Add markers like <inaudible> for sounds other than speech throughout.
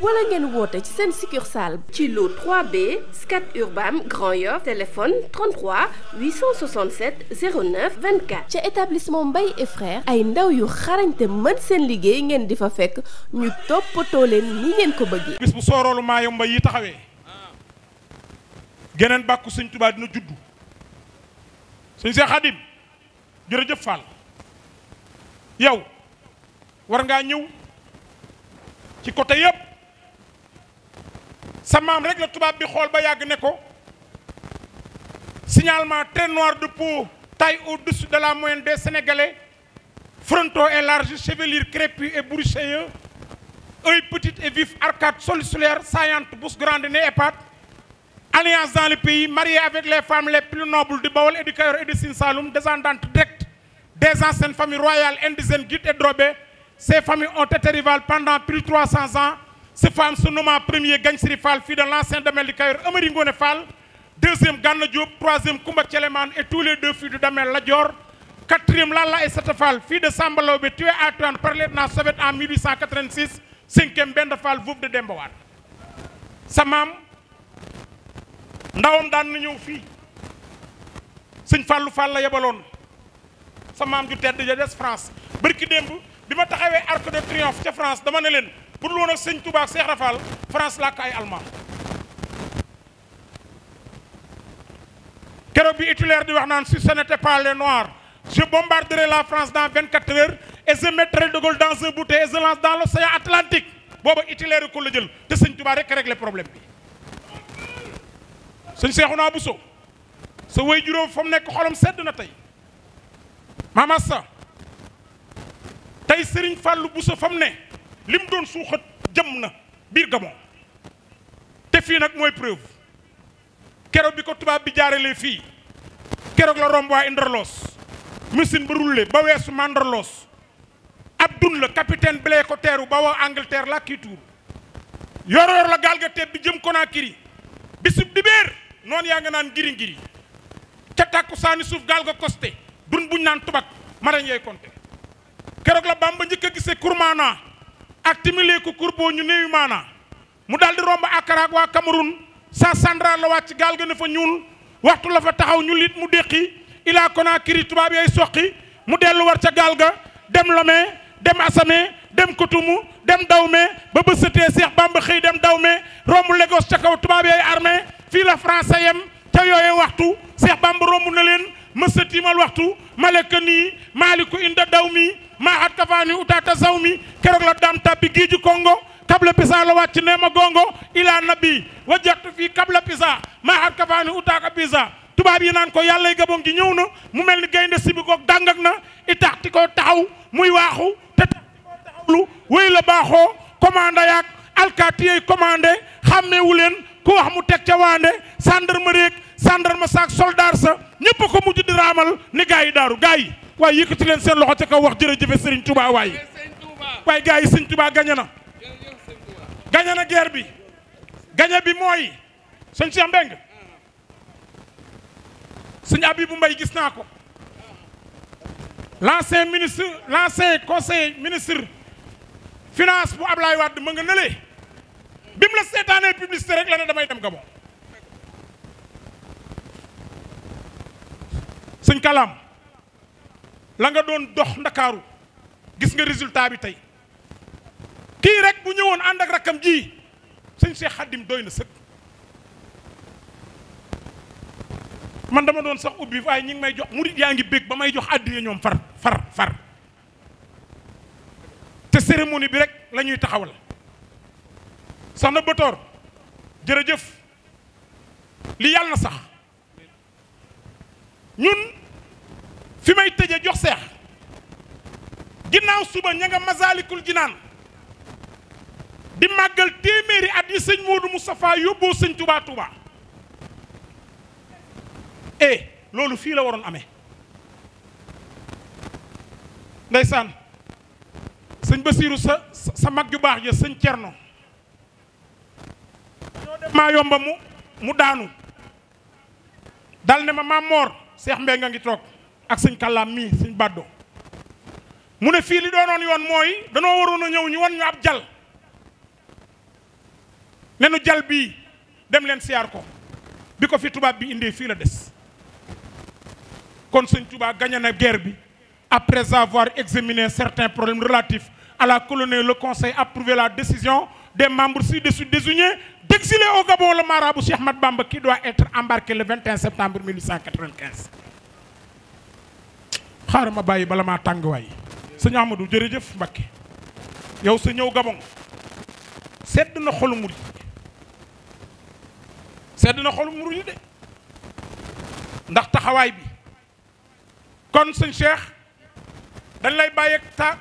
wala ngeen woote ci seen succursale ci lu 3B Scat Urbam Grand Yoff téléphone 33 867 09 24 ca établissement Mbaye et frères ay ndaw yu xarañte mën seen liggéey ngeen di fa fekk ñu toppatoo leen ni ngeen ko bëggee bis bu sooroolu Mayumba yi taxawee geneen bàkku sëñ Tuubaa dina juddu sëñ Seex Xadim jërëjëf Fall yow war ngaa ñëw ci côté yépp sa maam rek tubaab bi xool ba yàgg ne ko signalement très noir de peau taille au-dessus de la moyenne des Sénégalais frontaux et larges chevelure crépue et broussailleux œil petit et vif arcade soliculaire saillante bouche grande nez épaté alliance dans le pays mariée avec les femmes les plus nobles du Baol et du Kayor descendante directe des anciennes familles royales indigènes Guet et Drobé ces familles ont été rivales pendant plus de 300 ans Ce femme se nommant premier Gagne Siri fii fille de l'ancien Damel de Kayor, Amari Ngone Fall, deuxième Gana Diop, troisième Koumba Tcheleman et tous les deux filles de Damel Ladior, quatrième Lala et Fall, fii de Sambalaube, tuée à Tuan par lieutenant Soviet en 1886, cinquième Ben de Fall, veuve de Sa maam ndawam daan na ñëw fii sëñ Fallou Fall la yebaloon sa maam ju tedd ja des France bërki démb bi ma taxawee Arc de Triomphe ca France dama ne leen pour lu woon ak sëñ Touba ak Cheikh France làkk ay allemand keroog bi Hitler di wax naan si ce n'était pas les noirs je bombarderai la France dans vingt quatre heures et je mettrai de Gaulle dans un bouteille et je lance dans l'océan Atlantique booba Hitler ko la jël te sëñ Touba rek régler problème bi sëñ Cheikhouna Bousso sa way juróom fa mu nekk xolam sedd na tey Mama Sa tey Serigne Fallou Bousso fa mu ne lim doon suuxat jëm na biir te fii nag mooy preuve keroog bi ko tubaab bi jaarale fii keroog la romb waa Indorloos machine ba rulle ba weesu Mandorloos Abdoun la capitaine Blé ko teeru ba waa Angleterre la tuur yor yor la gaal bi jëm Conakry bisub dibéer noonu yaa ngi naan ngiri ngiri ca tàkku saani suuf gaal ga dun buñ naan tubak marañ yooy konte keroog la Bamba njëkk a gisee Kurmaana ak Timileeku Kurbo ñu néewi maana mu daal di romb Accra ak waa Cameroun sa Sandra la wàcc gaal ga ne fa ñuul waxtu la fa taxaw ñu lit mu déqi ilaa Conakry tubaab yay soqi mu dellu war ca gaal ga dem Lomé dem Assamé dem Kotoumou dem Dahomey ba bësatee Seex Bamba xëy dem Dahomey romb Lagos ca kaw tubaab yay armée fii la français yem ca yooye waxtu Seex Bamba romb na leen mësa tiimal waxtu malaka nii maaliku inda daw mi maa at kafaani utaata saw mi keroog la daam tàbbi gii ju kongo kabla pisa la wàcc ne ma gongo ilaa nabi wa jattu fii kabla pisa maa at kafaani utaaka tubaab yi naan ko yàllay gabon gi ñëw na mu mel ni gaynde sibi goog dàngak na i ti koo taxaw muy waaxu te taxti koo taxawlu wéy la baaxoo commande yaak alkaati yey commandé xàmmeewu leen ku wax mu teg ca waande gendarme réeg gendarme saak soldaar sa ñépp ko mujj di raamal ni gaa yi daaru gaa waaye yëkkati leen seen loxo ca kaw wax jërëjëfe Serigne Touba waay waaye gars yi Serigne Touba gañe na gañe na guerre bi gañe bi mooy sëñ Cheikh Mbeng sëñ Abibou Mbaye gis naa ko l'ancien ministre l'ancien conseiller ministre finance bu Ablaye Wade ma nga nële bi la seetaanee publicité rek la ne damay dem Gabon sëñ Kalam la nga doon dox ndakaaru gis nga résultat bi tey kii rek bu ñëwoon ànd ak rakkam ji sëñ Cheikh Khadim doy na sëkk man dama doon sax ubbi waaye ñi ngi may jox murid yaa ngi bég ba may jox àddiya ñoom far far far te cérémonie bi rek lañuy ñuy taxawal soxna Batoor jërëjëf li yàlla na sax ñun fi may tëje jox seex ginnaaw suba ña nga masaalikul jinaan di màggal téeméeri at yi sëñ Moodu Moustapha yóbboo sëñ Touba Touba eh loolu fii la waroon amee ndeysaan sëñ Basiiru sa sa mag ju baax ja sëñ Cerno maa yomba mu mu daanu dal ne ma maam moor seex mbee nga ngi toog ak sëñ kàllaam mii sëñ bàddo mu ne fii li doonoon yoon mooy danoo waroon a ñëw ñu wan ñu ab jal ne nu jal bii dem leen siyaar ko bi ko fi tubaab bi indee fii la des kon sëñ Touba gagné na guerre bi après avoir examiné certains problèmes relatifs à la colonie le conseil approuvé la décision des membres ci-dessus désignés d'exiler au Gabon le marabout Cheikh Ahmad Bamba qui doit être embarqué le septembre xaaral ma bàyyi bala maa tàng waay sëñ Amadou jërëjëf Mbakke yow sa ñëw Gabon sedd na xolu murid sedd na xolu murid de ndax taxawaay bi kon sëñ Cheikh dañ lay bàyyeeg ta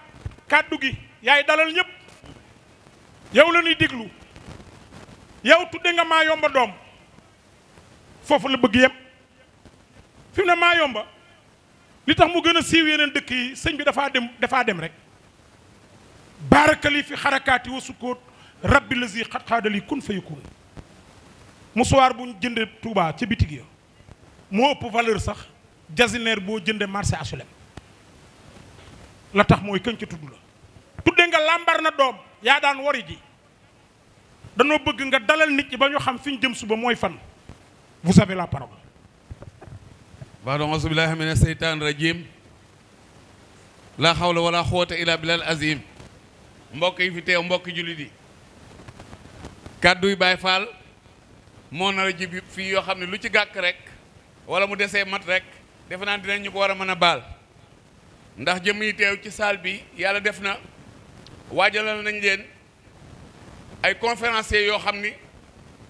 kàddu gi yaay dalal ñëpp yow la ñuy diglu yow tudde nga maa yomba doom foofu la bëgg yem fi mu ne maa yomba li tax mu gën a siiw yeneen dëkk yi sëñ bi dafaa dem dafaa dem rek baarakali fi xarakaati wa sukkoot rabbi lazi xat-xaadali kun fayakun musuwaar bu ñu jëndee Touba ca bitig ya moo ëpp valeur sax jasineer boo jëndee marché HLM la tax mooy kañ ca tudd la tudde nga làmbar na doom yaa daan wari ji danoo bëgg nga dalal nit ñi ba ñu xam fi ñu jëm suba mooy fan vous avez la parole baado auzu billahi min aseytaan rajim laa xawla wala xuwata illa billal azim mbokk yi fi teew mbokki jullit yi kàdduy Baay Faal moo na a fii yoo xam ne lu ci gàkk rek wala mu desee mat rek defe naa dinañ ñu ko war a mën a baal ndax jëm yi teew ci saal bi yàlla def na waajalal nañ leen ay conférenciers yoo xam ni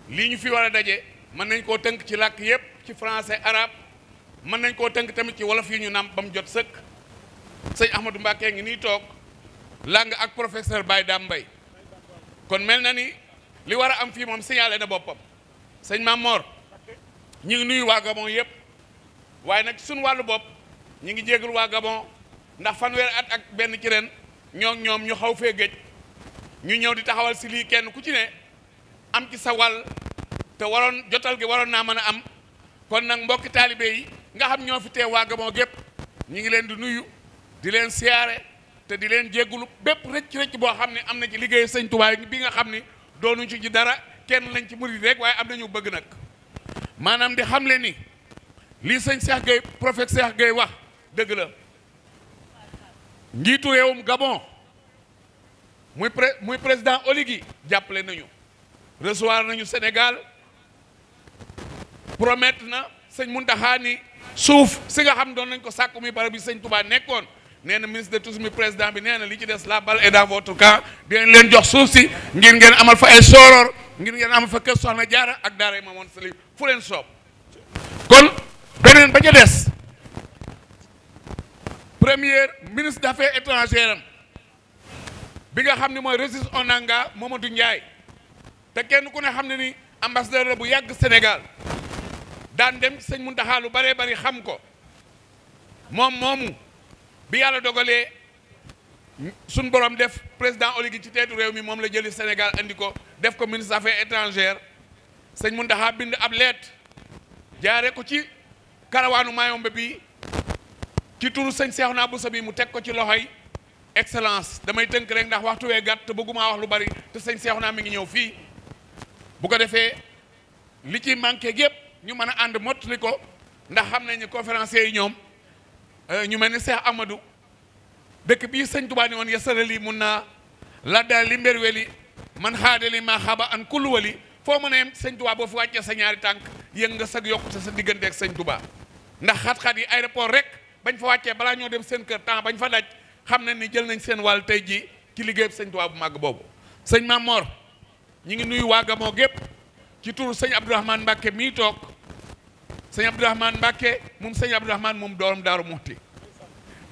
lii ñu fi war a daje mën nañ koo tënk ci làkk yépp ci français arabe mën nañ koo tënk tamit ci wolof yi ñu nàmp ba mu jot sëkk sëñ Ahmadou Mbacke ngi nii toog làng ak professeur Baye daam mbay kon mel na ni li war a am fii moom signalé na boppam sëñ Mame Mor ñu ngi nuyu waa Gabon yëpp waaye nag suñu wàllu bopp ñu ngi jégalu waa Gabon ndax fanweeri at ak benn ci ren ñoo ñoom ñu xaw fee géej ñu ñëw di taxawal si lii kenn ku ci ne am ci sa wàll te waroon jotal gi waroon naa mën a am kon nag mbokki taalibe yi. nga xam ñoo fi teew waa Gabon gépp ñu ngi leen di nuyu di leen siyaare te di leen jéggulu bépp rëcc-rëcc boo xam ne am na ci liggéey sëñ Tuubaa bi nga xam ni doonuñ ci dara kenn lañ ci murid rek waaye am nañu bëgg nag maanaam di xam le ni lii sëñ Cheikh Gueye prophète Cheikh wax dëgg la njiitu réewum Gabon muy pré muy président Oligui jàppale nañu recevoir nañu Sénégal promettre na sëñ Mountakha ni suuf si nga xam doon nañ ko sàkku mi barab bi sëñ Touba nekkoon nee na ministre de tourisme mi président bi nee na li ci des la balle est dans votre camp dinañ leen jox suuf si ngir ngeen amal fa ay sooroor ngir ngeen amal fa kër soxna jaara ak daara Mamoon Sali fu leen soob kon beneen ba ca des premier ministre d'affaires étrangères am bi nga xam ni mooy Régis Onanga Mamadou Ndiaye te kenn ku ne xam ne ni ambassadeur la bu yàgg Sénégal daan dem sëñ Muntaxa lu baree bari xam ko moom moomu bi yàlla dogalee suñ borom def président Oligui ci teetu réew mi moom la jëli Sénégal indi ko def ko ministre affaires étrangères sëñ Muntaxa bind ab leet jaaree ko ci karawaanu Mayombe bi ci turu sëñ naa Buso bi mu teg ko ci loxoy excellence damay tënk rek ndax waxtu wee gàtt te bëggumaa wax lu bari te sëñ naa mi ngi ñëw fii bu ko defee li ci manqué yépp ñu mën a ànd mott mottali ko ndax xam nañ ni conférenciers yi ñoom euh, ñu mel ni Cheikh amadu dëkk bii sëñ Tuubaa ni woon yasarali mun naa la daal li man weli man xaadali maa xaba an kullu foo mën a yem sëñ Tuubaa boo fi wàccee sa ñaari tànk yëng nga sag yokkute sa diggante ak sëñ Tuubaa ndax xat-xat yi aéroport rek bañ fa wàccee balaa ñoo dem seen kër temps bañ fa daj xam nañ ni jël nañ seen wàll tey jii ci liggéeyub sëñ Tuubaa bu màgg boobu sëñ Mamor ñu ngi nuyu waa Gamoo ci turu sëñ Abdourahmane Mbacke mii toog sëñ Abdourahmane Mbacke moom sëñ Abdourahmane moom doom Daaru Muxti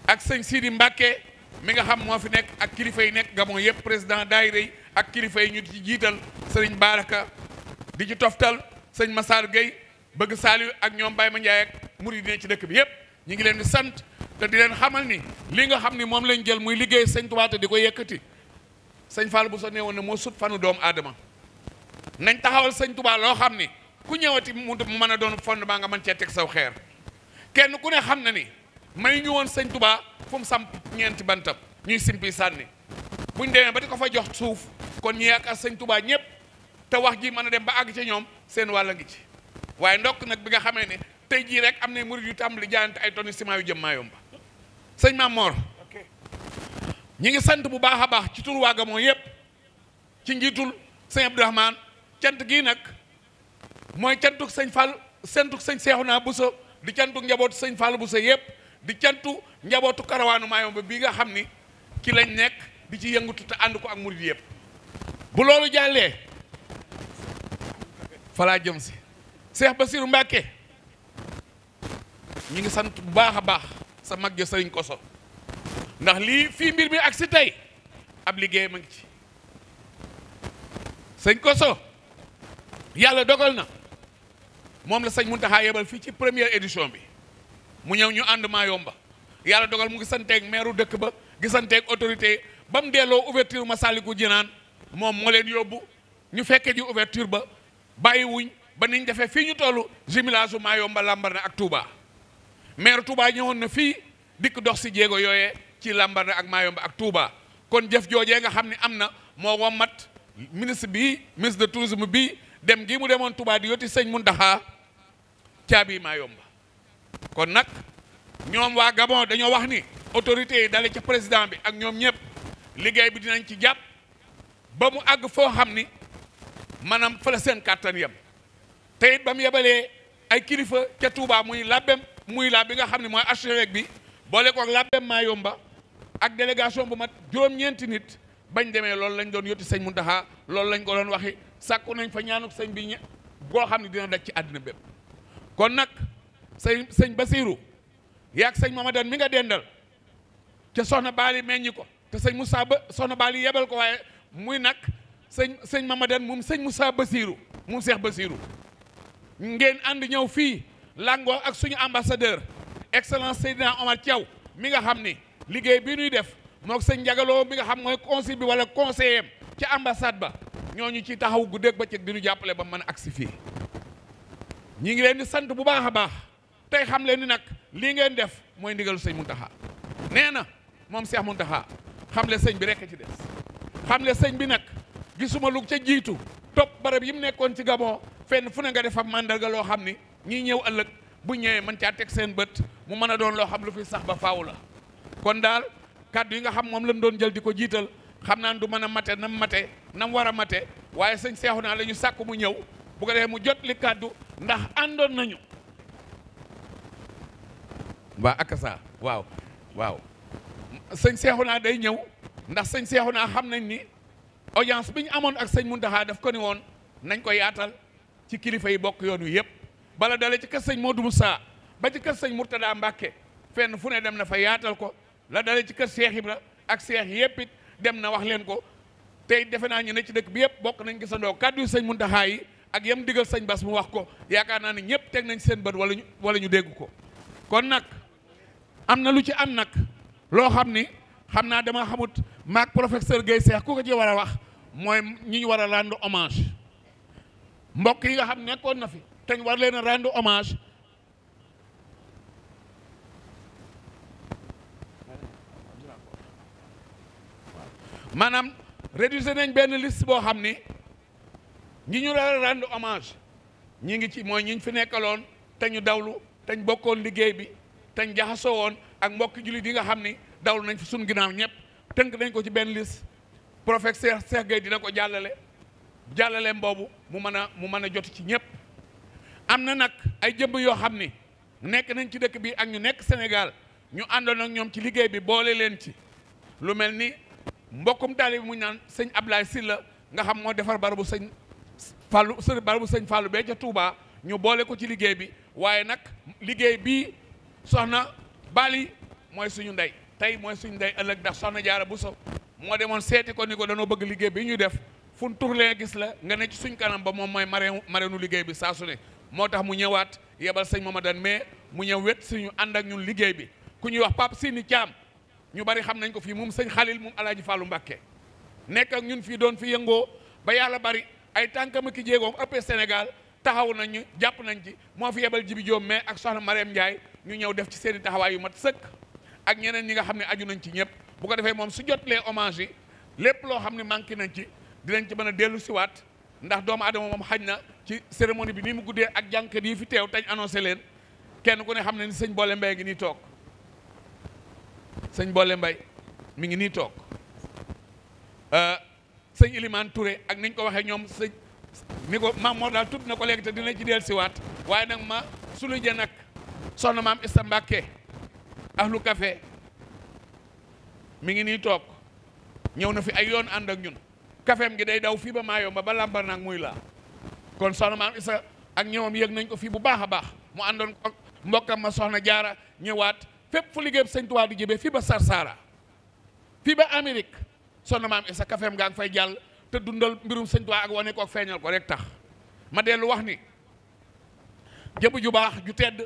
ak sëñ Sidi Mbacke mi nga xam moo fi nekk ak kilifa yi nekk nga Gabon yëpp président daay yi ak kilifa yi ñu ci jiital sëriñ Baraka di ci toftal sëñ Massar Gueye bëgg Saliou ak ñoom Baye ma Ndiaye ak murid yi ne ci dëkk bi yëpp ñu ngi leen di sant te di leen xamal ni li nga xam ni moom lañ jël muy liggéey sëñ Tuubaa di ko yëkkati sëñ Fall bu so nee woon ne moo sut fanu doomu aadama nañ taxawal sëñ tubaa loo xam ni ku ñëwati mu mën a doon fondement nga mën cee teg saw xeer kenn ku ne xam na ni may ñu woon sëñ tubaa fu mu ñeenti bantam ñuy simpi sànni buñ demee ba di ko fa jox suuf kon ñi yaakaar sëñ tubaa ñëpp te wax ji mën a dem ba àgg ci ñoom seen wàll ngi ci waaye ndokk nag bi nga xamee ne tey jii rek am na murid yu tàmbali jaayante ay tonni ciment yu jëm Mayumba sëñ Maam Mor ñi ngi sant bu baax a baax ci tur waa Gabon yëpp ci cant gii nag mooy cantuk sëñ Fall sentuk sëñ Seexuna Buso di cantuk njabootu sëñ bu Buso yëpp di cantu njabootu karawaanu Mayumba bi nga xam ni ci lañ nekk di ci yëngatu te ànd ko ak murid yëpp bu loolu jàllee falaa jëm si Seex Basiru Mbàkke ñu ngi sant bu baax a baax sa mag ja sëriñ Koso ndax lii fii mbir mi ak si tey ab liggéey ma ngi ci sëñ Koso yàlla dogal na moom la sañ sëñ Muntaxa yebal fii ci première édition bi mu ñëw ñu ànd maa yomba yàlla dogal mu gisanteeg maire dëkk ba gisanteek autorité ba mu delloo ouverture Massalikul Jinaan moom moo leen yóbbu ñu fekkee ji ouverture ba bàyyiwuñ ba niñ defee fii ñu toll jumelage maa yomba Lambaréné ak Touba maire Touba ñëwoon na fii dikk dox si jéego yooyee ci Lambaréné ak maa yomba ak Touba kon jëf joojee nga xam ne am na moo wommat ministre bi ministre de tourisme bi dem gi mu demoon Touba di yoti sëñ Muntaxa caabi maa yomba kon nag ñoom waa Gabon dañoo wax ni autorité yi dale ci président bi ak ñoom ñëpp liggéey bi dinañ ci jàpp ba mu àgg foo xam ni maanaam fa la seen kàttan yem te it ba mu yebalee ay kilifa ca Touba muy labbem muy lab bi nga xam ne mooy archevêque bi boole koog maa yomba ak délégation bu mat juróom-ñeenti nit bañ demee loolu lañ doon yotti sëñ Muntaxa loolu lañ ko doon waxi sàkku nañ fa ñaanuk sëñ bi ñe boo xam ne dina daj ci àddina bépp kon nag sëñ sëñ Basiiru yaag sëñ Mamadan mi nga dendal te soxna Baali meññi ko te sëñ Moussa ba soxna Baali yebal ko waaye muy nag sëñ sëñ Mamadan moom sëñ Moussa Basiiru mu Seex Basiiru ngeen ànd ñëw fii làngoo ak suñu ambassadeur excellence Seydina Omar Thiaw mi nga xam ni liggéey bi nuy def mook sëñ njagaloo mi nga xam mooy conseil bi wala conseiller am ca ambassade ba ñooñu ci taxaw guddeeg bëccëg di ñu jàppale ba mën a agsi fii ñi ngi leen di sant bu baax a baax tey xam leen ni nag lii ngeen def mooy ndigalu sëñ Muntaxa nee na moom Seex Muntaxa xam le sëñ bi rekk ci des xam le sëñ bi nag gisuma lu ca jiitu topp barab yi mu nekkoon ci Gabon fenn fu ne nga def ab màndarga loo xam ni ñii ñëw ëllëg bu ñëwee mën caa teg seen bët mu mën a doon loo xam lu fi sax ba faaw la kon daal kàddu yi nga xam moom lañ doon jël di ko jiital xam naa du mën a mate nam mate nam war a mate waaye sëñ seexu naa lañu ñu sàkk mu ñëw bu ko mu jot li kàddu ndax àndoon nañu waa akasa waaw waaw sëñ seexu naa day ñëw ndax sëñ seexu naa xam nañ ni audience bi ñu amoon ak sëñ Muntaxa daf ko ni woon nañ ko yaatal ci kilifa yi bokk yoonu wi yëpp bala dale ci kër sëñ Modou saa ba ci kër sëñ Mourtada Mbacke fenn fu ne dem na fa yaatal ko la dale ci kër Cheikh Ibra ak Cheikh yëpp dem na wax leen ko tey defe naa ñu ne ci dëkk bi yëpp bokk nañ gisandoo kàddu sañ mun Muntaxa yi ak yam digal sañ Bas mu wax ko yaakaar naa ne ñëpp teg nañ seen bët wala ñu wala ñu dégg ko kon nag am na lu ci am nag loo xam ni xam naa dama xamut maak professeur Guèye Seex ku ko ci war a wax mooy ñi ñu war a rendre hommage mbokk yi nga xam nekkoon na fi te ñu war leen a rendre hommage maanaam réduisé nañ benn liste boo xam ni ñi ñu la rendre hommage ñi ngi ci mooy ñi ñu nekkaloon te ñu dawlu te bokkoon liggéey bi tañ jaxasoo woon ak mbokki jullit yi nga xam ni dawlu nañ fi suñu ginnaaw ñëpp tënk nañ ko ci benn liste professeur Cheikh Gueye dina ko jàllale jàllale boobu mu mën a mu mën a jot ci ñëpp. am na nag ay jëmb yoo xam ni nekk nañ ci dëkk bi ak ñu nekk Sénégal ñu àndoon ak ñoom ci liggéey bi boole leen ci lu mel ni. mbokkum taalibe bi mu naan sëñ Ablaye la nga xam moo defar barabu sëñ Fallou sëñ barabu sëñ Fallou bee ca Touba ñu boole ko ci liggéey bi waaye nag liggéey bii soxna Bali mooy suñu ndey tey mooy suñu ndey ëllëg ndax soxna Jaara Buso moo demoon seeti ko ni ko danoo bëgg liggéey bi ñuy def fu mu turlee gis la nga ne ci suñ kanam ba moom mooy marraine marraineu liggéey bi saa su ne moo tax mu ñëwaat yebal sëñ Mamadou mais mu ñëw wet suñu ànd ak ñun liggéey bi ku ñuy wax Pape Sini Thiam ñu bari xam nañ ko fii moom sëñ Xalil moom alaaji Fàllu Mbàkke nekk ak ñun fii doon fi yëngoo ba yàlla bari ay tànkam ki i jéegoom ëppee Sénégal taxaw nañu jàpp nañ ci moo fi yebal Jibi Joom mais ak soxna Mariam Ndiaye ñu ñëw def ci seeni taxawaay yu mat sëkk ak ñeneen ñi nga xam ne aju nañ ci ñëpp bu ko defee moom su jotlee hommage yi lépp loo xam ne manqué nañ ci dinañ ci mën a dellu siwaat ndax doomu adama moom xaj na ci cérémonie bi ni mu guddee ak jànkat yi fi teew tañ annoncé leen kenn ku ne xam ne sëñ boole mbay ngi nii toog sëñ Boole Mbay mi ngi nii toog euh, sëñ Ilimaan Touré ak niñ ko waxee ñoom sëñ ni ko maam Mor daal tudd na ko léegi te dina ci siwaat waaye nag ma sunu jën ak soxna maam Issa ak lu café mi ngi nii toog ñëw na fi ay yoon ànd ak ñun kafeem gi day daw fii ba Maayomba ba làmba naag muy laa kon soxna maam Issa ak ñëwam yëg nañ ko fii bu baax a baax mu àndoon ko mbokkam ma soxna jaara ñëwaat fépp fu liggéey sëñ Tuubaa di jëbee fii ba Sarsara fii ba Amérique sonna maam isa kafeem ngaa ngi fay jàll te dundal mbirum sëñ Tuubaa ak wane kook ak feeñal ko rek tax ma dellu wax ni jëbu ju baax ju tedd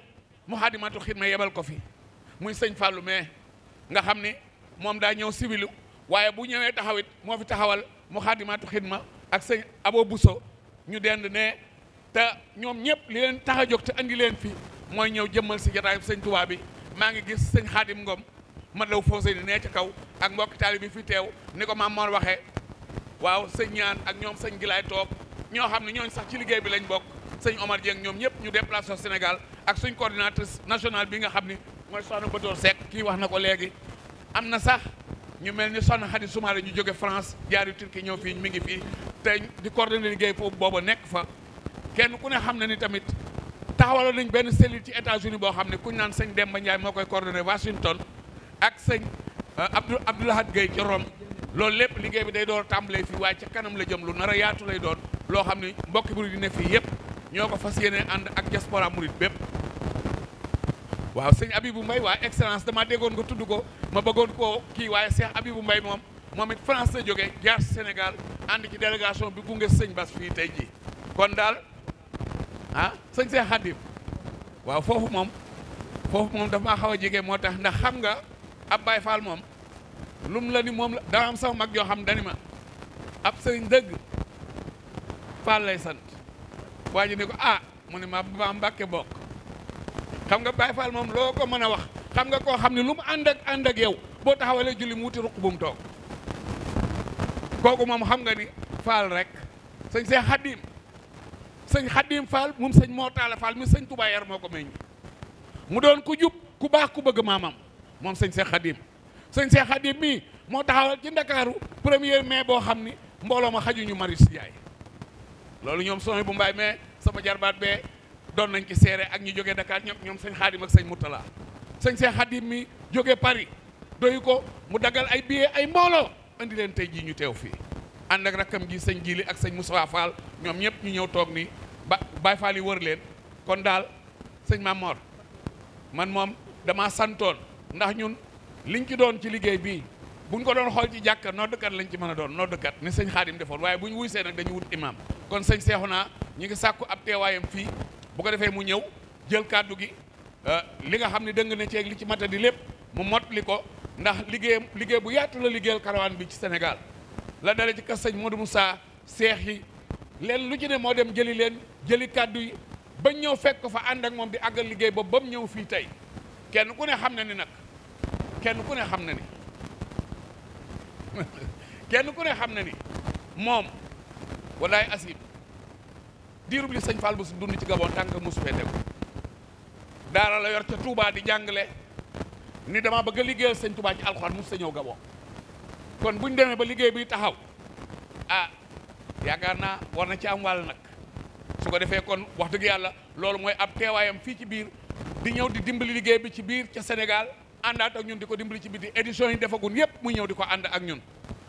mu Muxaddamatul Xidma yebal ko fi muy sëñ fàllu mais nga xam ne moom daa ñëw siwilu waaye bu ñëwee taxawit moo fi taxawal Muxaddamatul Xidma ak sëñ Abo Bousso ñu dend ne te ñoom ñëpp li leen tax a jóg te andi leen fi mooy ñëw jëmmal si jataay sëñ Tuubaa bi maa ngi gis sëñ xaadim ngom ma law fawsé ni nee ci kaw ak mbokki taali bi fi teew ni ko maam moor waxee waaw sëñ ñaan ak ñoom sëñ gilaay toog ñoo xam ne ñooñ sax ci liggéey bi lañ bokk sëñ Omar Dieng ñoom ñëpp ñu déplacé Sénégal ak suñ coordinatrice nationale bi nga xam ni mooy soxna Batoor Seck kii wax na ko léegi am na sax ñu mel ni soxna Xadi Soumaré ñu jóge France jaari Turquie ñëw fii mi ngi fii te di coordonné liggéey foofu booba nekk fa kenn ku ne xam na ni tamit taxawaloon nañ benn cellule ci États-Unis boo xam ne kuñ naan sëñ Demba Ndiaye moo koy coordonné Washington ak sëñ euh, Abdou Abdoulahad Gueye ci Rome loolu lépp liggéey bi day door tàmbalee fii waaye ca kanam la jëm lu nar yaatu lay doon loo xam ne mbokki bu yi ne fii yëpp ñoo ko fas yéene ànd ak diaspora murid bépp waaw sëñ bu Mbaye waa excellence dama déggoon nga tudd ko ma bëggoon koo kii waaye Cheikh bu Mbaye moom moom it France la jógee jaar Sénégal ànd ci délégation bi gunge sëñ Bass fii tey jii ah sëñ Seex Xaadim waaw foofu moom foofu moom dafa xaw a jege moo tax ndax xam nga ab Baay Faal moom lum la ni moom la dama am sax mag yoo xam dani ma ab sëñ dëgg Faal lay sant waa ji ko ah mu ne ma am Mbàkke bokk xam nga Baay Faal moom loo ko mën a wax xam nga koo xam ne lu mu àndak ak ànd ak yow boo taxawalee julli mu wuti ruq bu mu toog kooku moom xam nga ni Faal rek sëñ seen Xaadim sëñ Xadim Fall moom sëñ moo Talla Fall mi sëñ Touba yar moo ko meññ mu doon ku jub ku baax ku bëgg maamam moom sëñ Cheikh Xadim sëñ Cheikh Xadim mii moo taxawal ci Ndakaaru premier mais boo xam ni mbooloo ma xajuñu Marius Ndiaye loolu ñoom sooy bu mbaay mais sama jarbaat bee doon nañ ci seere ak ñu jóge Dakar ñoom ñoom sëñ Xadim ak sëñ Moutala sëñ Cheikh Xadim mi jóge Paris doy ko mu dagal ay billets ay mbooloo indi leen tey jii ñu teew fii ànd ak rakkam gi sañ Jili ak sëñ Moussa Fall ñoom ñëpp ñu ñëw toog ni ba Baye Fall yi wër leen kon daal sëñ Mame Mor man moom dama santoon ndax ñun liñ ci doon ci liggéey bii buñ ko doon xool ci jàkka noddkat lañ ci mën a doon kat ni sëñ Xaadim defoon waaye bu ñu wuysee nag dañu wut imam kon sañ sëñ naa ñu ngi sàkku ab teewaayam fii bu ko defee mu ñëw jël kàddu gi euh, li nga xam ne dëng na ceeg li ci mata di lépp mu mot li ko ndax liggéeyam liggéey bu yaatu la liggéeyal karawaan bi ci Sénégal la dale ci sañ sëñ Modou Moussa seex yi leen lu ci ne moo dem jëli leen jëli kàddu yi ba ñëw fekk ko fa ànd ak moom di àggal liggéey boobu ba mu ñëw fii tey kenn ku ne xam na ni nag kenn ku ne xam na ni <laughs> kenn ku ne xam na ni moom walaay asib diirub li sëñ Fall bu su dund ci Gabon tànk mosu fee tegu daara la yor ca tuubaa di jàngale ni dama bëgg a liggéeyal sëñ Touba ci alxuraan mosu sa ñëw Gabon kon bu ñu demee ba liggéey bi taxaw ah yaakaar naa war na ci am wàll nag su ko defee kon wax dëgg yàlla loolu mooy ab teewaayam fii ci biir di ñëw di dimbali liggéey bi ci biir ca Sénégal àndaat ak ñun di ko dimbali ci biir di éditions yi defagun yépp muy ñëw di ko ànd ak ñun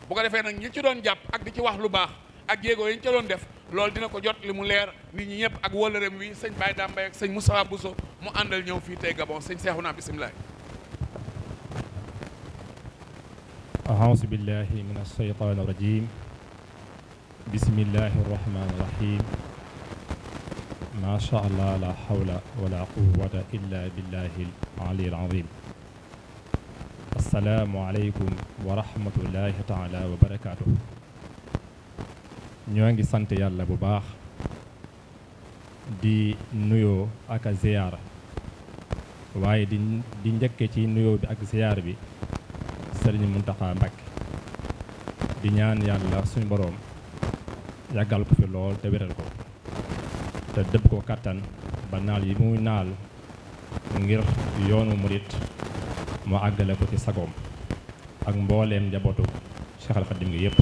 bu ko defee nag ñi ci doon jàpp ak di ci wax lu baax ak jéego yi ñu ca doon def loolu dina ko jot li mu leer nit ñi ñëpp ak wóllëreem wi sëñ Baye Dame Mbaye ak sëñ Moustapha Bousso mu àndal ñëw fii tey Gabon sëñ Seexuna bisimilah. أعوذ بالله من الشيطان الرجيم بسم الله الرحمن الرحيم ما شاء الله لا حول ولا قوة إلا بالله العلي العظيم السلام عليكم ورحمة الله تعالى وبركاته ñoo ngi sant yàlla bu baax di nuyoo ak a ziyaara waaye di di njëkke ci nuyoo bi ak ziyaar bi Serigne Mountakha Mbacké di ñaan yàlla suñu boroom yàggal ko fi lool te wéral ko te dëpp ko kàttan ba naal yi muy naal ngir yoonu murit mu àggale ko ci sagoom ak mbooleem njabootu Cheikh Al Khadim gi yëpp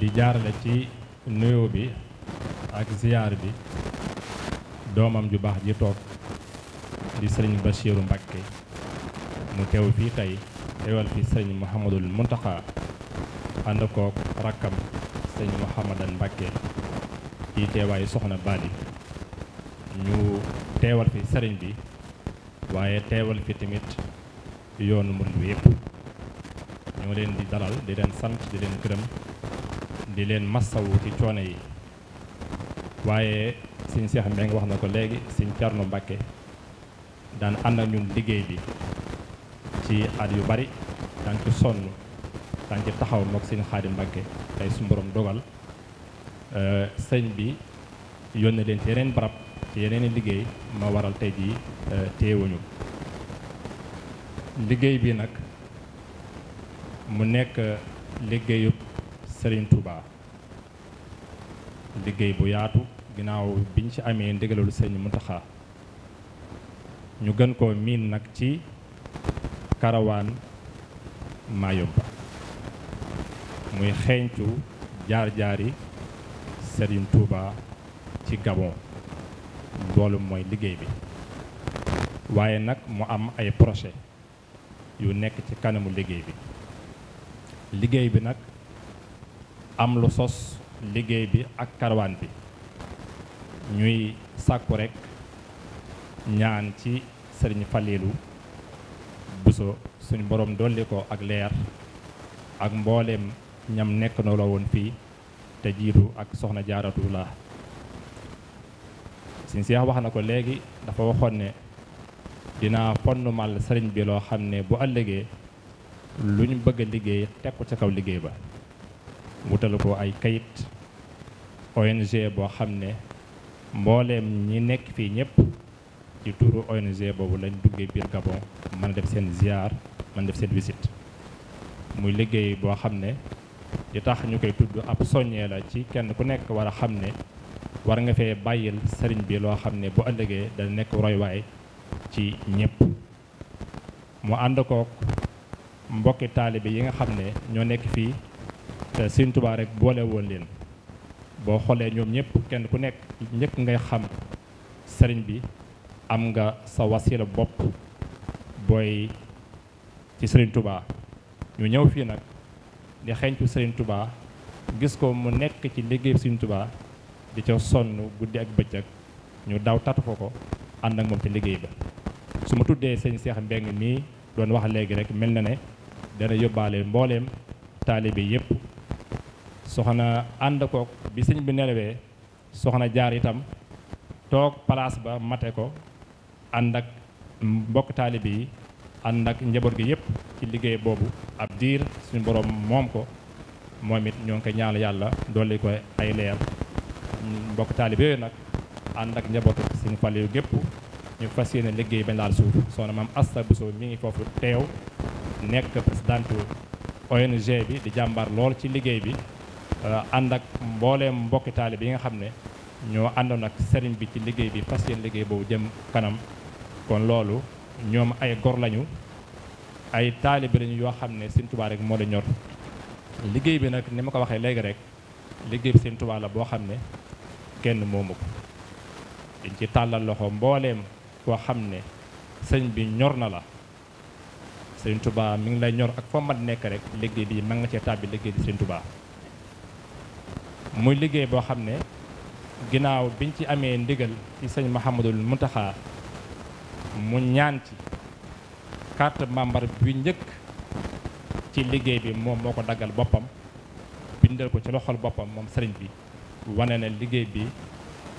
di jaarale ci nuyoo bi ak ziyaar bi doomam ju baax ji toog di Serigne Bachirou Mbacké mu teew fii tey teewal fi sëñ Mouhamadul Mountakha ànd koog rakkam sëñ Mouhamadan Mbacke ci teewaayu soxna Bali ñu teewal fi sëriñ bi waaye teewal fi tamit yoonu murid bi yëpp ñoo leen di dalal di leen sant di leen këram di leen massawu ci coono yi waaye sëñ Cheikh Mbeng wax na ko léegi sëñ Thierno Mbacke daan ànd ak ñun liggéey bi ci at yu bari daan ci sonn daan taxaw mook sëñ Xaadim Mbàkke tey su borom dogal euh, sëñ bi yónnee leen ci yeneen barab ci yeneen i liggéey ma waral tey jii euh, téewuñu liggéey bi nag mu nekk liggéeyub sëriñ Touba liggéey bu yaatu ginnaaw biñ ci amee ndigalul sëñ Muntaxa ñu gën koo miin nag ci karawaan Mayumba muy xeeñcu jaar-jaari sëriñ Touba ci Gabon loolu mooy liggéey bi waaye nag mu am ay projet yu nekk ci kanamu liggéey bi liggéey bi nag am lu sos liggéey bi ak karawaan bi ñuy sàkku rekk ñaan ci Serigne Falilou Bousso suñ boroom dolli ko ak leer ak mbooleem ñam nekk na la woon fii te jiitu ak soxna la suñ seex wax na ko léegi dafa waxoon ne dinaa fondumal sëriñ bi loo xam ne bu ëllëgee lu ñu bëgg liggéey teg ko ca kaw liggéey ba wutal ko ay kayit ONG boo xam ne mbooleem ñi nekk fii ñëpp ci tuuru ONG boobu lañ duggee biir Gabon mën a def seen ziar mën def seen visite muy liggéey boo xam ne di tax ñu koy tudd ab soññee la ci kenn ku nekk war a xam ne war nga fee bàyyil sëriñ bi loo xam ne bu ëllëgee dana nekk roywaay ci ñépp mu ànd kook mbokki taalibe yi nga xam ne ñoo nekk fii te Sëriñ Tuubaa rek boole woon leen boo xoolee ñoom ñëpp kenn ku nekk njëkk ngay xam sëriñ bi am nga sa wasila bopp booy ci Serigne tubaa ñu ñëw fii nag di xeeñcu Serigne tubaa gis ko mu nekk ci liggéey Serigne tubaa di ca sonn guddi ak bëccëg ñu daw tatu ko ko ànd ak moom ci liggéey ba su ma tuddee sëñ Cheikh Mbeng mii doon wax léegi rek mel na ne dana yóbbaale mbooleem taalibe yépp soxna ànd kook bi sëñ bi nelawee soxna jaar itam toog palaas ba mate ko ànd ak mbokk taalibe yi ànd ak njaboot gi yëpp ci liggéey boobu ab diir suñu boroom moom ko moom it ñoo ngi koy ñaanal yàlla dolli ko ay leer mbokk taalibe yooyu nag ànd ak njaboot suñu fàll yu gépp ñu fas yéene liggéey bañ laal suuf soxna maam Asta Bousso mi ngi foofu teew nekk présidente ONG bi di jàmbaar lool ci liggéey bi euh, ànd ak mbooleem mbokki taalibe yi nga xam ne ñoo àndoon nag sëriñ bi ci liggéey bi fas yéene liggéey boobu jëm kanam kon loolu ñoom ay gor lañu ay taalibe lañu yoo xam ne Sëñ Tuubaa rek moo la ñor liggéey bi nag ni ma ko waxee léegi rek liggéey bi Sëñ Tuubaa la boo xam ne kenn moomu ko dañ ci tàllal loxo mbooleem koo xam ne sëñ bi ñor na la Sëñ Tuubaa mi ngi lay ñor ak foo nekk rek liggéey bi mën nga cee tàbbi liggéey bi Sëñ Tuubaa muy liggéey boo xam ne ginnaaw biñ ci amee ndigal ci sëñ Mahamadul Muntaxaa mu ñaan ci carte membre bi njëkk ci liggéey bi moom moo ko daggal boppam bindal ko ci loxol boppam moom sëriñ bi wane na liggéey bi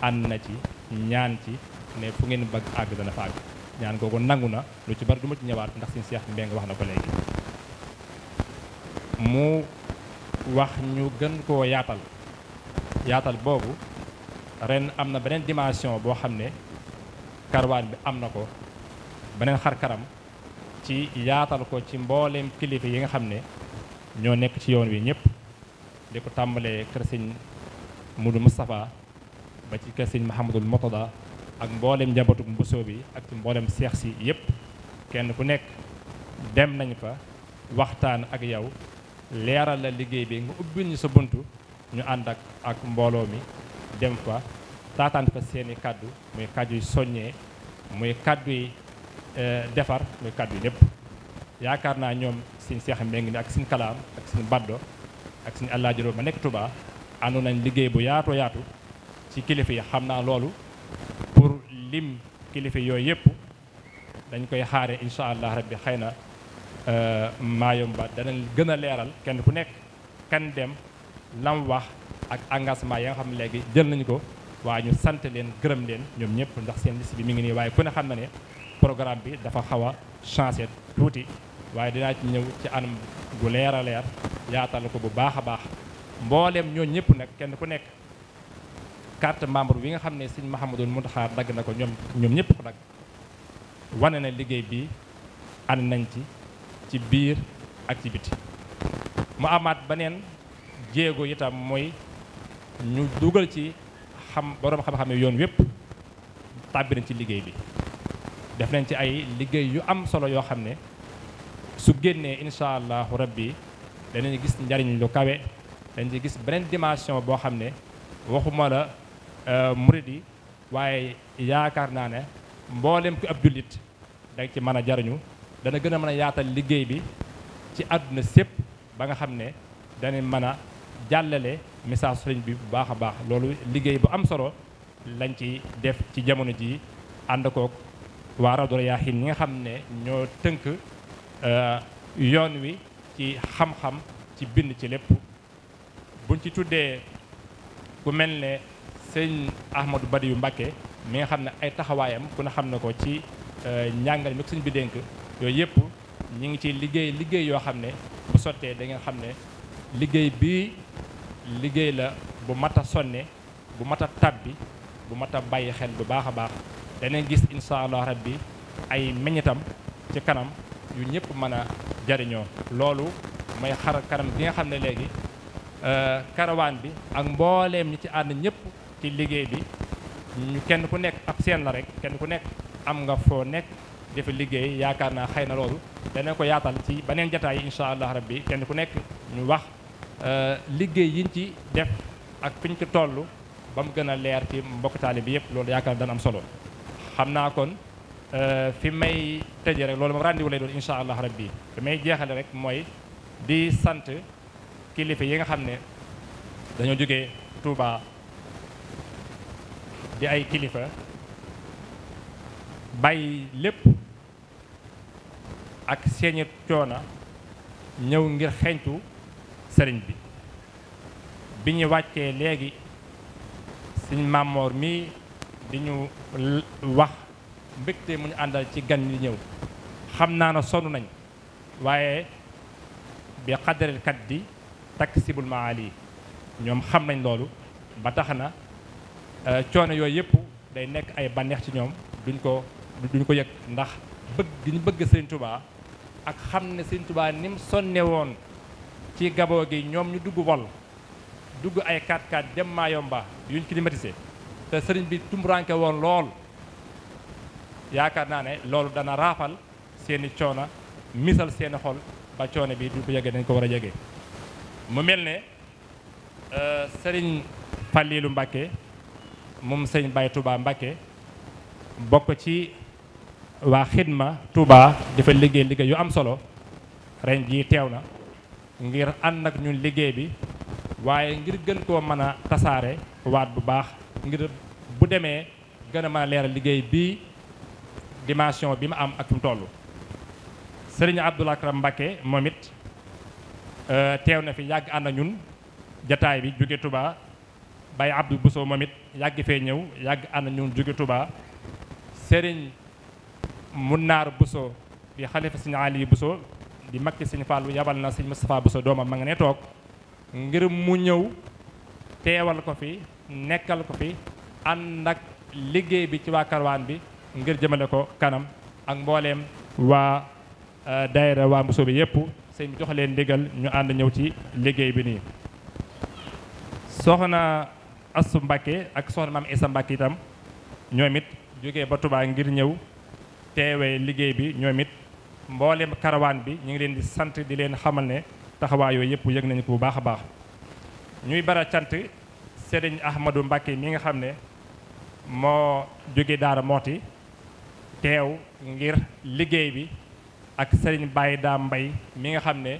ànd na ci ñaan ci ne fu ngeen bëgg àgg dana fa àgg ñaan googu nangu na lu ci bari du ci ñëwaat ndax suñu seex Mbeng wax na ko léegi mu wax ñu gën koo yaatal yaatal boobu ren am na beneen dimension boo xam ne karwaan bi am na ko beneen xar ci yaatal ko ci mbooleem kilifa yi nga xam ne ñoo nekk ci yoon wi ñëpp di ko tàmbalee kër sëñ Mudu Moustapha ba ci kër sëñ Mahamadul Motoda ak mbooleem njabootu mbusoo bi ak ci mbooleem seex si yëpp kenn ku nekk dem nañ fa waxtaan ak yow leeral la liggéey bi nga ubbil ñu sa bunt ñu ànd ak mbooloo mi dem fa taataan fa seeni kàddu muy kàddu soññee muy kàddu Eh, defar muy kàddu yi lépp yaakaar naa ñoom suñ seex mbeng mi ak suñ kalaam ak suñ baddo ak suñ àllaajuró ma nekk Touba àndu nañ liggéey bu yaatoo yaatu ci kilifa yi xam naa loolu pour lim kilifa yooyu yëpp dañ koy xaare incha allah rabbi xëy na eh, ba danañ gën a leeral kenn ku nekk kan dem lam wax ak engagement ya nga xam léegi jël nañu ko waaye ñu sant leen gërëm leen ñoom ñëpp ndax seen liste bi mu ngi nii waaye ku ne xam na ne programme bi dafa xaw a changé tuuti waaye dinaa ci ñëw ci anam gu leer a leer yaatal ko bu baax a baax mbooleem ñooñ ñëpp nag kenn ku nekk carte membre bi nga xam ne sëñ Mouhamadul Mountakha dagg na ko ñoom ñoom ñëpp ko dagg wane na liggéey bi ànd nañ ci ci biir ak ci biti mu amaat beneen jéego itam mooy ñu dugal ci xam boroom xam-xam yoon wépp tàbbi nañ ci liggéey bi def nañ ci ay liggéey yu am solo yoo xam ne su génnee incha allahu bi danañ gis njariñ lu kawe dañ ci gis beneen dimension boo xam ne waxuma la euh, murid yi waaye yaakaar naa ne mboolem ku ab jullit da ci mën a jariñu dana gën a mën a yaatal liggéey bi ci àdduna sépp ba nga xam ne danañ mën a jàllale message sëriñ bi bu baax a baax loolu liggéey bu am solo lañ ci def ci jamono ji ànd kook waa Rawdu Rayaahiin ñi nga xam ne ñoo tënk euh, yoon wi ci xam-xam ci bind ci lépp buñ ci tuddee ku mel ne sëñ Ahmadou yu Mbacké mi nga xam ne ay taxawaayam ku ne xam ne ko ci euh, njàngale mi ko sëñ bi dénk yooyu yëpp ñi ngi ci liggéey liggéey yoo xam ne bu sottee da ngeen xam ne liggéey bii liggéey la bu mat a sonne bu mat a tàbbi bu mat a bàyyi xel bu baax a baax danañ gis incha allah rabbi ay meññitam ci kanam yu ñëpp mën a jariñoo loolu mooy xar kanam bi nga xam ne léegi karawaan euh, bi ak mbooleem ñi ci ànd ñëpp ci liggéey bi ñu kenn ku nekk ab seen la rek kenn ku nekk am nga foo nekk dafa liggéey yaakaar naa xëy na loolu danañ ko yaatal ci beneen jataay yi incha allah rabbi kenn ku nekk ñu wax euh, liggéey yiñ ci def ak fiñ ci toll ba mu gën a leer ci mbokk taali bi yëpp loolu yaakaar dana am solo xam naa kon euh, fi may tëjee rek loolu moom rendez-vous lay doon incha allah rabbi fi may jeexale rek mooy di sant kilifa yi nga xam ne dañoo jóge Touba di ay kilifa bàyyi lépp ak seeni coona ñëw ngir xeeñtu sëriñ bi bi ñu wàccee léegi suñ Mamoor mi di ñu wax mbégte mu ñu àndal ci gan yi ñëw xam naa ne sonn nañ waaye bi xadareel kat di takk sibul maali ñoom xam nañ loolu ba tax na euh, coono yooyu yëpp day nekk ay bànneex ci ñoom duñ ko duñ ko yëg ndax bëgg gi bëgg Sëriñ Tuubaa ak xam ne Sëriñ Tuubaa ni mu sonne woon ci gaboo gi ñoom ñu dugg wol dugg ay 4x4 dem Mayomba yuñ climatisé te sëriñ bi tumuranke woon lool yaakaar naa ne loolu dana raafal seeni coono misal seeni xol ba coono bi du ko yegee dañ ko war a yegee mu mel ne euh, sëriñ fa liilu Mbàkke moom sëriñ Baye Touba Mbàkke bokk ci waa xidma Touba dafa liggéey liggéey yu am solo ren jii teew na ngir ànd ak ñun liggéey bi waaye ngir gën koo mën a tasaare waat bu baax ngir bu demee gën a mën a leeral liggéey bi dimension bi ma am ak fi mu toll. Serigne Abdou Lakram moom it euh, teew na fi yàgg ànd ñun jataay bi jóge tubaa bay Abdou Bousso moom it yàgg fee ñëw yàgg ànd ñun jóge Touba Serigne Munnaar Bousso bi xalifa Serigne Ali buso di mag ci Serigne Fallou yabal na Serigne Moustapha Bousso doomam ma nga ne toog ngir mu ñëw teewal ko fi nekkal ko fi ànd ak liggéey bi ci waa karwaan bi ngir jëmale ko kanam ak mbooleem waa euh, daayira waa Mbusoobe bi yépp sëñ bi jox leen ndigal ñu ànd ñëw ci liggéey bi nii soxna Astu Mbàkke ak soxna maam Isa Mbàkke itam ñoom it jógee ba Tubaa ngir ñëw teewee liggéey bi ñoom it mbooleem karawaan bi ñu ngi leen di sant di leen xamal ne taxawaay yooyu yëpp yëg nañu ko bu baax a baax ñuy bara cant Serigne Ahmadou Mbacké mi nga xam ne moo jóge Daara Mooti teew ngir liggéey bi ak Serigne Baye daa Mbay mi nga xam ne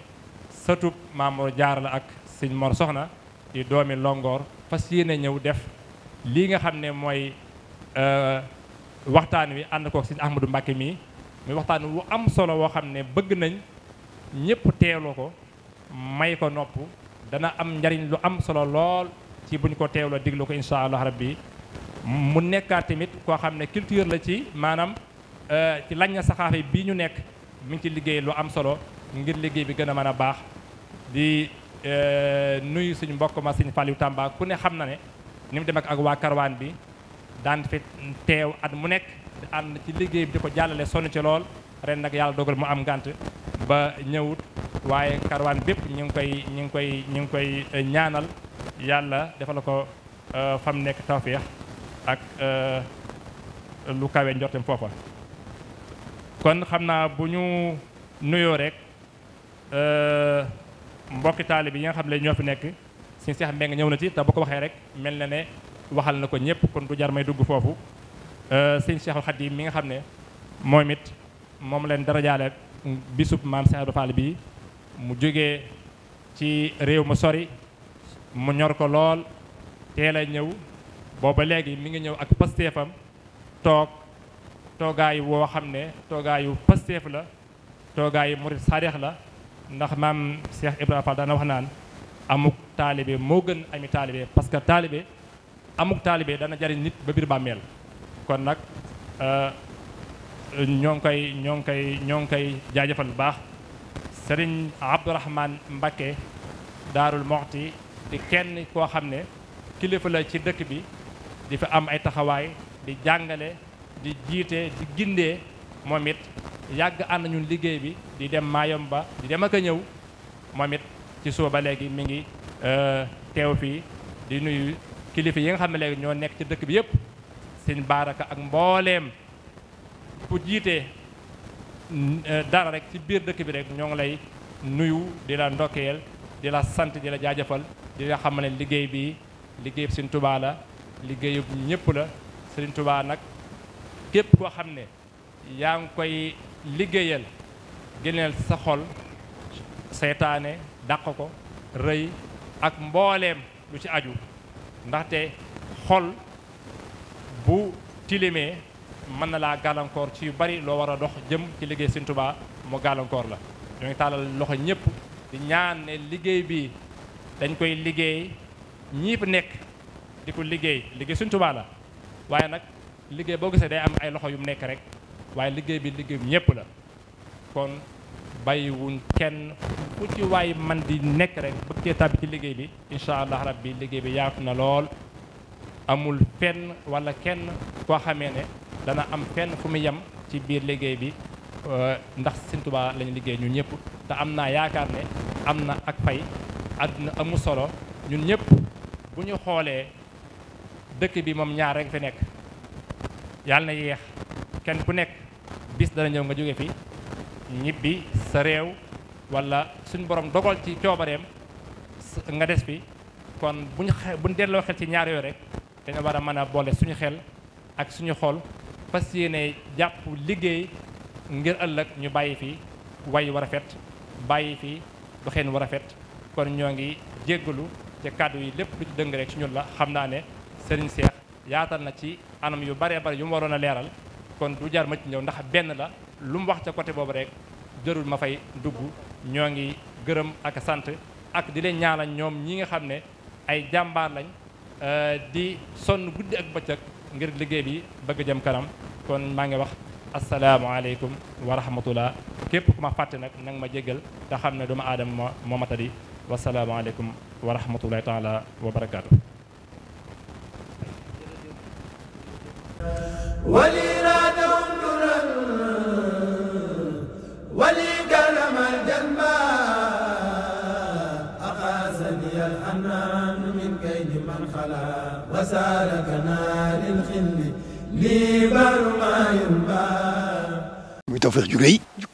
satub Maamor jaar la ak Sëñ Mor Soxna di doomi Longoor fas na ñëw def lii nga xam ne mooy euh, waxtaan wi ànd ko Sëñ Ahmadou Mbacké mii muy waxtaan wu am solo woo xam ne bëgg nañ ñëpp teelu ko may ko nopp dana am njariñ lu am solo lool ci bu ñu ko teewloo diglu ko incha allah bii mu nekkaat tamit koo xam ne culture la ci maanaam euh, ci lañ na saxaafa bii ñu nekk mu ngi ci liggéey lu am solo ngir liggéey bi gën a mën a baax di euh, nuyu suñ mbokk ma suñ Faliou Tamba ku ne xam na ne ni mu dem ak waa karwaan bi daan fi teew at mu nekk ànd ci liggéey bi di ko jàllale sonn ci lool ren nag yàlla dogal mu am ngànt ba ñëwut waaye karwaan bépp ñu ngi koy ñu ngi koy ñu ngi koy euh, ñaanal yàlla defal ko euh, fam nekk tawféex ak euh, lu kawe njortem foofa kon xam naa bu ñu nuyoo rek mbokki taalib yi nga xam ne ñoo fi nekk suñu seex mbeng ñëw na ci te bu ko waxee rek mel na ne waxal na ko ñëpp kon du jar may dugg foofu sëñ Seexul Xadiim mi nga xam ne moom it moom leen darajaale bisub maam Cheikh Ibra Fall mu jógee ci réew ma sori mu ñor ko lool teel a ñëw booba léegi mi ngi ñëw ak pasteefam toog toogaay woo xam ne toogaayu pasteef la toogaayu murit sareex la ndax maam Cheikh Ibra Fall daana wax naan amuk taalibe moo gën ami taalibe parce que taalibe amuk taalibe dana jariñ nit ba biir bàmmeel kon nag euh, ñoo ngi koy ñoo ngi koy ñoo ngi koy jaajëfal bu baax sëriñ Abdourahman Mbakke Daarul Moxti di kenn koo xam ne kilifa la ci dëkk bi di fa am ay taxawaay di jàngale di jiite di gindee moom it yàgg ànd ñun liggéey bi di dem Mayomba di dem ak a ñëw moom it ci suba ba léegi mi ngi euh, teew fii di nuyu kilifa yi nga xam ne léegi ñoo nekk ci dëkk bi yëpp sëñ Baraka ak mbooleem pour jiitee eh, dara rek ci biir dëkk bi rek ñoo ngi lay nuyu di la ndokkeel di la sant di la jaajëfal di la xam ne liggéey bi liggéey Sëriñ Tuubaa la liggéey bu ñëpp la Sëriñ Tuubaa nag képp koo xam ne yaa ngi koy liggéeyal génneel sa xol seytaane dàq ko rëy ak mbooleem lu ci aju ndaxte xol bu tilimee mën na laa gàllankoor ci yu bari loo war a dox jëm ci liggéey Sëñ Tuubaa mu gàllankoor la ñoo ngi tàllal loxo ñëpp di ñaan ne liggéey bi dañ koy liggéey ñiip nekk di ko liggéey liggéey Sëñ Tuubaa la waaye nag liggéey boo gisee day am ay loxo yu mu nekk rek waaye liggéey bi liggéey bi ñëpp la kon bàyyiwuñ kenn ku ci waay man di nekk rek bëgg cee tàbbi ci liggéey bi incha allah rabbi liggéey bi yaatu na lool amul fenn walla kenn koo xamee ne dana am fenn fu mu yem ci biir liggéey bi euh, ndax Sëñ lañu liggéey ñun ñëpp te am naa yaakaar ne am na ak fay àdduna amu solo ñun ñëpp bu ñu xoolee dëkk bi moom ñaar rek fi nekk yàlla na yéex kenn ku nekk bis dana ñëw nga jóge fi ñibbi sa réew wala suñ borom dogal ci coobareem nga des fi kon bu ñu xe bu ñu delloo xel ci ñaar yooyu rek dañu war a mën a boole suñu xel ak suñu xool fas yéene jàpp liggéey ngir ëllëg ñu bàyyi fii way war fet bàyyi fi doxeen war a fet kon ñoo ngi jéggalu ci kàddu yi lépp lu ci dëng rek ci ñun la xam naa ne Serigne Cheikh yaatal na ci anam yu baree bari yu mu waroon a leeral kon du jar ma ci ñëw ndax benn la lu mu wax ca côté boobu rek jërul ma fay dugg ñoo ngi gërëm ak sant ak di leen ñaanal ñoom ñi nga xam ne ay jàmbaar lañ euh, di sonn guddi ak bëccëg ngir liggéey bi bëgg jëm kanam kon maa ngi wax asalaamaaleykum wa rahmatullah képp ku ma fàtte nag nanga ma jéggal te xam ne duma aadama moo ma tadi wasalaamaaleykum wa rahmatullahi taala wa barakaatu من كيد من خلق فسار كنار الخل لي برما يرمى muy Tawfekh ju rëy